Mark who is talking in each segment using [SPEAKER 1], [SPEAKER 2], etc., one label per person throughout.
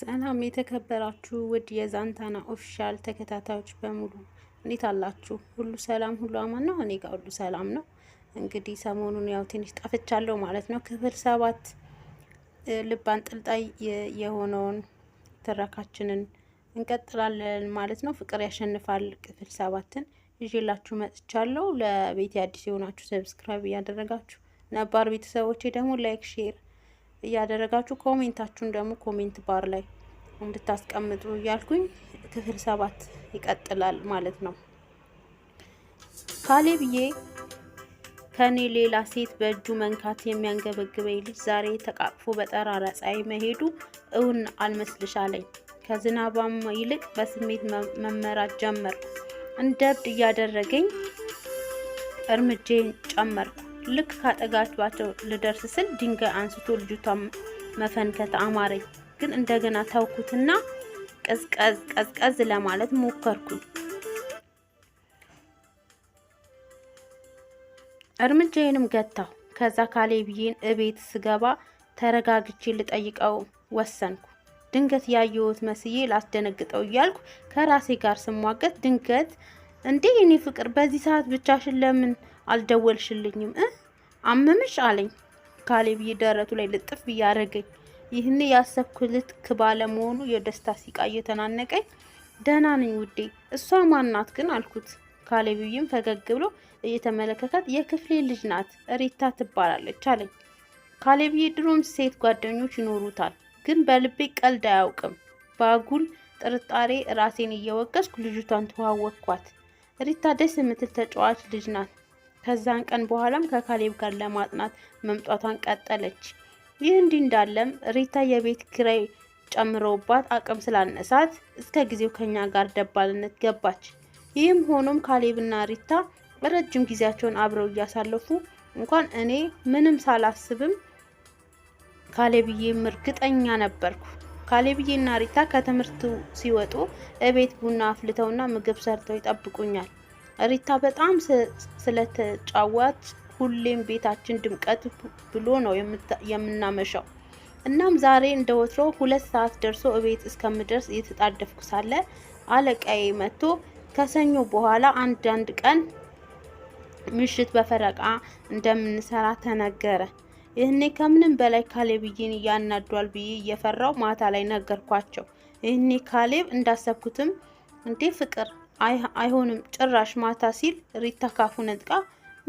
[SPEAKER 1] ሰላም የተከበራችሁ ውድ የዛንታና ኦፊሻል ተከታታዮች በሙሉ እንዴት አላችሁ? ሁሉ ሰላም፣ ሁሉ አማን ነው። እኔ ጋር ሁሉ ሰላም ነው። እንግዲህ ሰሞኑን ያው ትንሽ ጠፍቻለሁ ማለት ነው። ክፍል ሰባት ልብ አንጠልጣይ የሆነውን ትረካችንን እንቀጥላለን ማለት ነው። ፍቅር ያሸንፋል ክፍል ሰባትን ይዤላችሁ መጥቻለሁ። ለቤት አዲስ የሆናችሁ ሰብስክራይብ እያደረጋችሁ ነባር ቤተሰቦቼ ደግሞ ላይክ፣ ሼር እያደረጋችሁ ኮሜንታችሁን ደግሞ ኮሜንት ባር ላይ እንድታስቀምጡ እያልኩኝ ክፍል ሰባት ይቀጥላል ማለት ነው። ካሌብዬ ከኔ ሌላ ሴት በእጁ መንካት የሚያንገበግበኝ ልጅ ዛሬ ተቃቅፎ በጠራራ ፀሐይ መሄዱ እውን አልመስልሻለኝ። ከዝናባም ይልቅ በስሜት መመራት ጀመርኩ። እንደ እብድ እያደረገኝ እርምጄን ጨመርኩ። ልክ ካጠጋችኋቸው ልደርስ ስል ድንጋይ አንስቶ ልጅቷ መፈንከት አማረኝ። ግን እንደገና ተውኩትና ቀዝቀዝ ቀዝቀዝ ለማለት ሞከርኩኝ። እርምጃዬንም ገታሁ። ከዛ ካሌብዬን እቤት ስገባ ተረጋግቼ ልጠይቀው ወሰንኩ። ድንገት ያየሁት መስዬ ላስደነግጠው እያልኩ ከራሴ ጋር ስሟገት ድንገት እንዴ የኔ ፍቅር በዚህ ሰዓት ብቻሽን ለምን አልደወልሽልኝም አመምሽ አለኝ። ካሌብ ደረቱ ላይ ልጥፍ እያደረገኝ ይህን ያሰብኩት ክባለ መሆኑ የደስታ ሲቃ እየተናነቀኝ ደህና ነኝ ውዴ፣ እሷ ማናት ግን አልኩት። ካሌብዬም ፈገግ ብሎ እየተመለከታት የክፍሌ ልጅ ናት ሪታ ትባላለች አለኝ። ካሌብዬ ድሮም ሴት ጓደኞች ይኖሩታል፣ ግን በልቤ ቀልድ አያውቅም። በአጉል ጥርጣሬ ራሴን እየወቀስኩ ልጅቷን ተዋወቅኳት። ሪታ ደስ የምትል ተጫዋች ልጅ ናት። ከዛን ቀን በኋላም ከካሌብ ጋር ለማጥናት መምጣቷን ቀጠለች። ይህ እንዲህ እንዳለም ሪታ የቤት ኪራይ ጨምረውባት አቅም ስላነሳት እስከ ጊዜው ከኛ ጋር ደባልነት ገባች። ይህም ሆኖም ካሌብና ሪታ ረጅም ጊዜያቸውን አብረው እያሳለፉ እንኳን እኔ ምንም ሳላስብም ካሌብዬም እርግጠኛ ነበርኩ። ካሌብዬና ሪታ ከትምህርቱ ሲወጡ እቤት ቡና አፍልተውና ምግብ ሰርተው ይጠብቁኛል። ሪታ በጣም ስለተጫዋች ሁሌም ቤታችን ድምቀት ብሎ ነው የምናመሻው። እናም ዛሬ እንደ ወትሮ ሁለት ሰዓት ደርሶ እቤት እስከምደርስ እየተጣደፍኩ ሳለ አለቃዬ መጥቶ ከሰኞ በኋላ አንዳንድ ቀን ምሽት በፈረቃ እንደምንሰራ ተነገረ። ይህኔ ከምንም በላይ ካሌብዬን እያናዷል ብዬ እየፈራው ማታ ላይ ነገርኳቸው። ይህኔ ካሌብ እንዳሰብኩትም እንዴ ፍቅር አይሆንም ጭራሽ ማታ ሲል ሪታ ካፉ ነጥቃ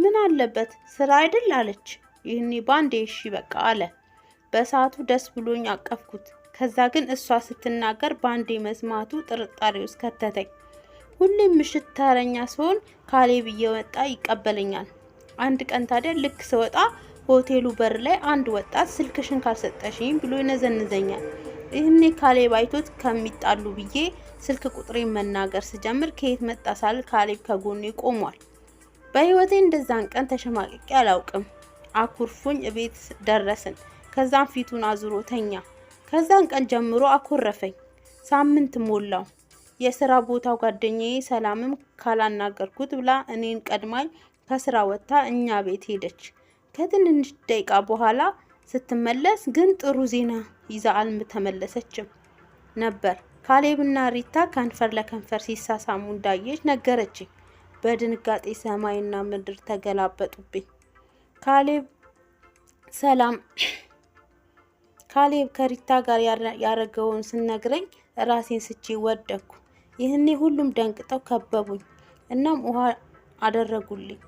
[SPEAKER 1] ምን አለበት ስራ አይደል አለች። ይህኔ ባንዴ እሺ በቃ አለ። በሰዓቱ ደስ ብሎኝ አቀፍኩት። ከዛ ግን እሷ ስትናገር ባንዴ መስማቱ ጥርጣሬ ውስጥ ከተተኝ። ሁሌም ምሽት ተረኛ ሲሆን ካሌብ እየወጣ ይቀበለኛል። አንድ ቀን ታዲያ ልክ ስወጣ ሆቴሉ በር ላይ አንድ ወጣት ስልክሽን ካልሰጠሽኝ ብሎ ይነዘንዘኛል። ይህኔ ካሌብ አይቶት ከሚጣሉ ብዬ ስልክ ቁጥሬ መናገር ስጀምር ከየት መጣ ሳል ካሌብ ከጎኔ ቆሟል። በህይወቴ እንደዛን ቀን ተሸማቅቄ አላውቅም። አኩርፉኝ እቤት ደረስን። ከዛም ፊቱን አዙሮ ተኛ። ከዛን ቀን ጀምሮ አኮረፈኝ። ሳምንት ሞላው። የስራ ቦታው ጓደኛዬ ሰላምም ካላናገርኩት ብላ እኔን ቀድማኝ ከስራ ወጥታ እኛ ቤት ሄደች። ከትንንሽ ደቂቃ በኋላ ስትመለስ ግን ጥሩ ዜና ይዛ አልተመለሰችም ነበር። ካሌብና ሪታ ከንፈር ለከንፈር ሲሳሳሙ እንዳየች ነገረችኝ። በድንጋጤ ሰማይና ምድር ተገላበጡብኝ። ካሌብ ሰላም ካሌብ ከሪታ ጋር ያደረገውን ስነግረኝ ራሴን ስቼ ወደኩ። ይህኔ ሁሉም ደንቅጠው ከበቡኝ። እናም ውሃ አደረጉልኝ።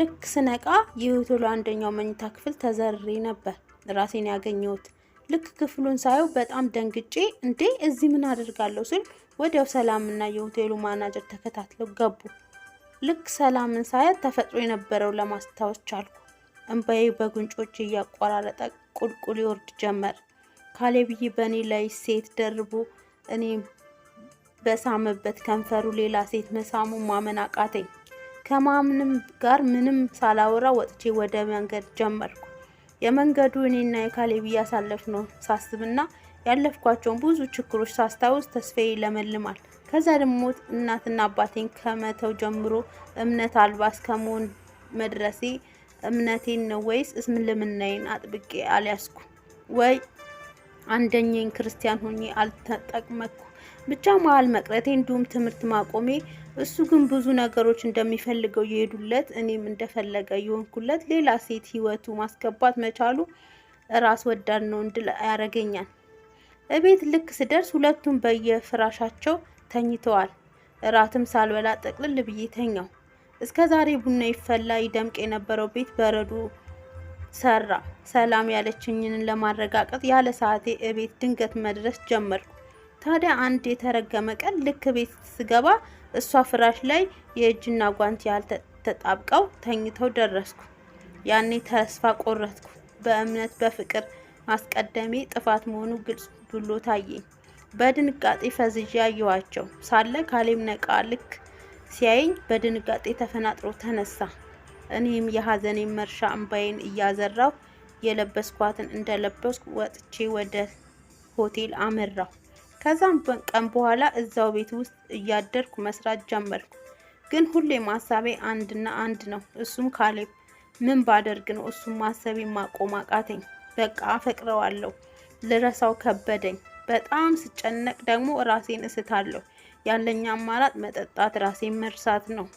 [SPEAKER 1] ልክ ስነቃ የሆቴሉ አንደኛው መኝታ ክፍል ተዘርሬ ነበር ራሴን ያገኘሁት። ልክ ክፍሉን ሳየው በጣም ደንግጬ እንዴ እዚህ ምን አደርጋለሁ ስል ወዲያው ሰላምና የሆቴሉ ማናጀር ተከታትለው ገቡ። ልክ ሰላምን ሳያት ተፈጥሮ የነበረው ለማስታወስ ቻልኩ። እንባዬ በጉንጮች እያቆራረጠ ቁልቁል ይወርድ ጀመር። ካሌብዬ በእኔ ላይ ሴት ደርቦ እኔ በሳመበት ከንፈሩ ሌላ ሴት መሳሙ ማመን አቃተኝ። ከማንም ጋር ምንም ሳላወራ ወጥቼ ወደ መንገድ ጀመርኩ። የመንገዱ እኔና የካሌብ እያሳለፍ ነው ሳስብና ያለፍኳቸውን ብዙ ችግሮች ሳስታውስ ተስፋዬ ይለመልማል። ከዛ ደግሞ እናትና አባቴን ከመተው ጀምሮ እምነት አልባ እስከመሆን መድረሴ እምነቴን ነው ወይስ እስልምናዬን አጥብቄ አልያዝኩ ወይ? አንደኛኝ ክርስቲያን ሆኜ አልተጠቅመኩ። ብቻ መሀል መቅረቴ እንዲሁም ትምህርት ማቆሜ እሱ ግን ብዙ ነገሮች እንደሚፈልገው የሄዱለት እኔም እንደፈለገ የሆንኩለት ሌላ ሴት ህይወቱ ማስገባት መቻሉ ራስ ወዳድ ነው እንድል ያደርገኛል። እቤት ልክ ስደርስ ሁለቱም በየፍራሻቸው ተኝተዋል። እራትም ሳልበላ ጠቅልል ብዬ ተኛው። እስከ ዛሬ ቡና ይፈላ ይደምቅ የነበረው ቤት በረዶ ሰራ። ሰላም ያለችኝን ለማረጋገጥ ያለ ሰዓቴ እቤት ድንገት መድረስ ጀመርኩ። ታዲያ አንድ የተረገመ ቀን ልክ ቤት ስገባ እሷ ፍራሽ ላይ የእጅና ጓንት ተጣብቀው ተኝተው ደረስኩ። ያኔ ተስፋ ቆረጥኩ። በእምነት በፍቅር ማስቀደሜ ጥፋት መሆኑ ግልጽ ብሎ ታየኝ። በድንጋጤ ፈዝዤ ያየኋቸው ሳለ ካሌም ነቃ። ልክ ሲያየኝ በድንጋጤ ተፈናጥሮ ተነሳ። እኔም የሀዘኔን መርሻ እንባዬን እያዘራው የለበስኳትን እንደለበስኩ ወጥቼ ወደ ሆቴል አመራው። ከዛም ቀን በኋላ እዛው ቤት ውስጥ እያደርኩ መስራት ጀመርኩ። ግን ሁሌ ማሳቤ አንድና አንድ ነው፣ እሱም ካሌብ። ምን ባደርግ ነው እሱም ማሰቤ ማቆም አቃተኝ። በቃ አፈቅረዋለሁ፣ ልረሳው ከበደኝ። በጣም ስጨነቅ ደግሞ ራሴን እስታለሁ። ያለኝ አማራጭ መጠጣት፣ ራሴን መርሳት ነው።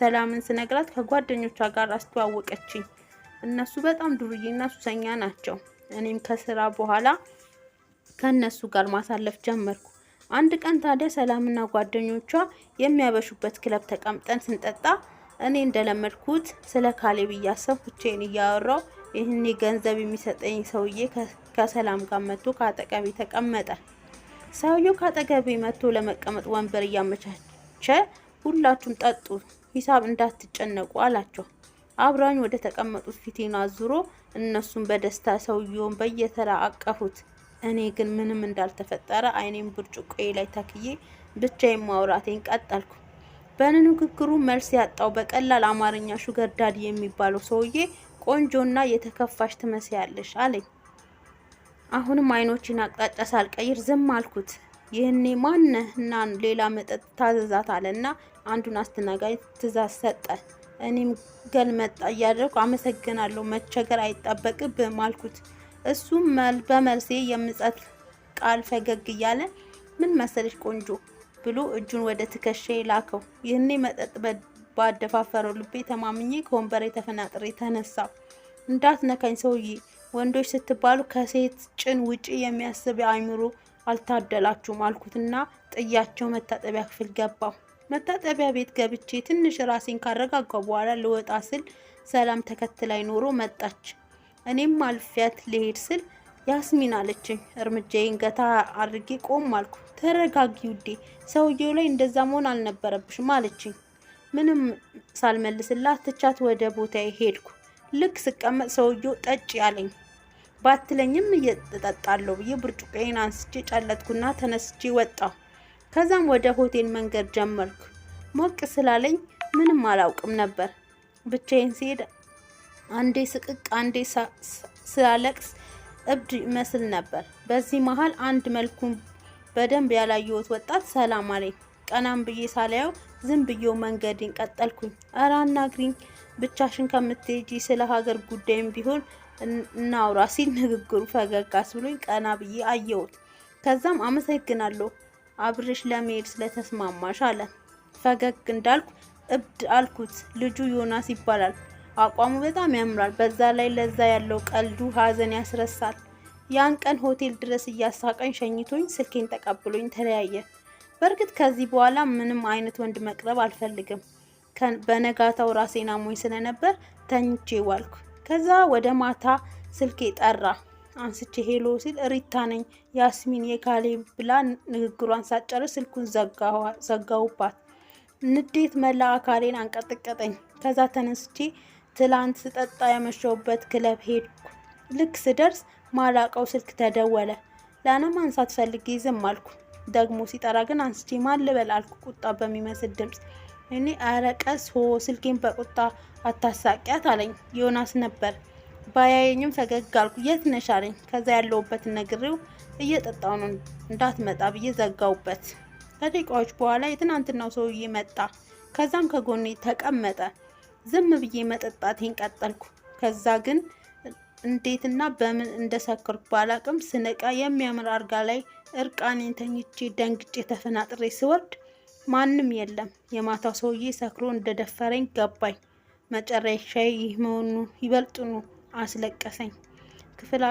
[SPEAKER 1] ሰላምን ስነግራት ከጓደኞቿ ጋር አስተዋወቀችኝ። እነሱ በጣም ዱርዬና ሱሰኛ ናቸው። እኔም ከስራ በኋላ ከእነሱ ጋር ማሳለፍ ጀመርኩ። አንድ ቀን ታዲያ ሰላምና ጓደኞቿ የሚያበሹበት ክለብ ተቀምጠን ስንጠጣ እኔ እንደለመድኩት ስለ ካሌብ እያሰብ ብቻዬን እያወራው ይህኔ ገንዘብ የሚሰጠኝ ሰውዬ ከሰላም ጋር መጥቶ ከአጠገቤ ተቀመጠ። ሰውየው ከአጠገቤ መጥቶ ለመቀመጥ ወንበር እያመቻቸ ሁላችሁም ጠጡ፣ ሂሳብ እንዳትጨነቁ አላቸው። አብራኝ ወደ ተቀመጡት ፊቴን አዙሮ እነሱም በደስታ ሰውየውን በየተራ አቀፉት። እኔ ግን ምንም እንዳልተፈጠረ አይኔም ብርጭቆዬ ላይ ታክዬ ብቻዬን ማውራቴን ቀጠልኩ። በንግግሩ መልስ ያጣው በቀላል አማርኛ ሹገር ዳድ የሚባለው ሰውዬ ቆንጆና የተከፋሽ ትመስያለሽ አለኝ። አሁንም አይኖችን አቅጣጫ ሳልቀይር ዝም አልኩት። ይህኔ ማነህ እና ሌላ መጠጥ ታዘዛት አለና አንዱን አስተናጋጅ ትእዛዝ ሰጠ። እኔም ገልመጣ እያደረኩ አመሰግናለሁ፣ መቸገር አይጠበቅብም አልኩት። እሱም በመልሴ የምጸት ቃል ፈገግ እያለ ምን መሰለሽ ቆንጆ ብሎ እጁን ወደ ትከሻዬ ላከው። ይህኔ መጠጥ ባደፋፈረው ልቤ ተማምኜ ከወንበሬ ተፈናጥሬ ተነሳው። እንዳት ነካኝ ሰውዬ፣ ወንዶች ስትባሉ ከሴት ጭን ውጪ የሚያስብ አእምሮ አልታደላችሁም አልኩትና ጥያቸው መታጠቢያ ክፍል ገባው። መታጠቢያ ቤት ገብቼ ትንሽ ራሴን ካረጋጋው በኋላ ልወጣ ስል ሰላም ተከትላይ ኖሮ መጣች። እኔም አልፊያት ልሄድ ስል ያስሚን አለችኝ። እርምጃዬን ገታ አድርጌ ቆም አልኩ። ተረጋጊ ውዴ፣ ሰውየው ላይ እንደዛ መሆን አልነበረብሽም አለችኝ። ምንም ሳልመልስላት ትቻት ወደ ቦታዬ ሄድኩ። ልክ ስቀመጥ ሰውየው ጠጭ ያለኝ ባትለኝም እየጠጣለሁ ብዬ ብርጭቆዬን አንስቼ ጨለጥኩና ተነስቼ ወጣሁ። ከዛም ወደ ሆቴል መንገድ ጀመርኩ። ሞቅ ስላለኝ ምንም አላውቅም ነበር። ብቻዬን ሲሄድ አንዴ ስቅቅ አንዴ ስላለቅስ እብድ ይመስል ነበር። በዚህ መሀል አንድ መልኩን በደንብ ያላየሁት ወጣት ሰላም አለኝ። ቀናም ብዬ ሳላየው ዝም ብዬው መንገድን ቀጠልኩኝ። እረ አናግሪኝ ብቻሽን ከምትሄጂ ስለ ሀገር ጉዳይም ቢሆን እናውራ ሲል ንግግሩ ፈገግ አስብሎኝ ቀና ብዬ አየሁት። ከዛም አመሰግናለሁ አብርሽ ለመሄድ ስለተስማማሽ አለ። ፈገግ እንዳልኩ እብድ አልኩት። ልጁ ዮናስ ይባላል። አቋሙ በጣም ያምራል። በዛ ላይ ለዛ ያለው ቀልዱ ሀዘን ያስረሳል። ያን ቀን ሆቴል ድረስ እያሳቀኝ ሸኝቶኝ ስልኬን ተቀብሎኝ ተለያየ። በእርግጥ ከዚህ በኋላ ምንም አይነት ወንድ መቅረብ አልፈልግም። በነጋታው ራሴን አሞኝ ስለነበር ተኝቼ ዋልኩ። ከዛ ወደ ማታ ስልኬ ጠራ። አንስቼ ሄሎ ሲል ሪታ ነኝ ያስሚን የካሌ ብላ ንግግሯን ሳጨርስ ስልኩን ዘጋውባት! ንዴት መላ አካሌን አንቀጠቀጠኝ። ከዛ ተነስቼ ትላንት ስጠጣ ያመሸውበት ክለብ ሄድኩ። ልክ ስደርስ ማላቀው ስልክ ተደወለ። ላለማንሳት ፈልጌ ዝም አልኩ። ደግሞ ሲጠራ ግን አንስቼ ማን ልበል አልኩ ቁጣ በሚመስል ድምፅ። እኔ ኧረ ቀስ ሆ ስልኬን በቁጣ አታሳቂያት አለኝ። ዮናስ ነበር። ባያየኝም ፈገግ አልኩ። የት ነሽ አለኝ። ከዛ ያለውበት ነግሬው እየጠጣው ነው እንዳትመጣ ብዬ ዘጋውበት። ከደቂቃዎች በኋላ የትናንትናው ሰውዬ መጣ። ከዛም ከጎኔ ተቀመጠ። ዝም ብዬ መጠጣቴን ቀጠልኩ። ከዛ ግን እንዴትና በምን እንደሰከርኩ ባላቅም ስነቃ የሚያምር አርጋ ላይ እርቃኔን ተኝቼ ደንግጬ ተፈናጥሬ ስወርድ ማንም የለም። የማታው ሰውዬ ሰክሮ እንደደፈረኝ ገባኝ። መጨረሻዬ ይህ መሆኑ ይበልጥኑ አስለቀሰኝ። ክፍል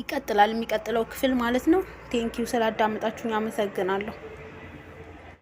[SPEAKER 1] ይቀጥላል። የሚቀጥለው ክፍል ማለት ነው። ቴንኪው ስላዳመጣችሁኝ አመሰግናለሁ።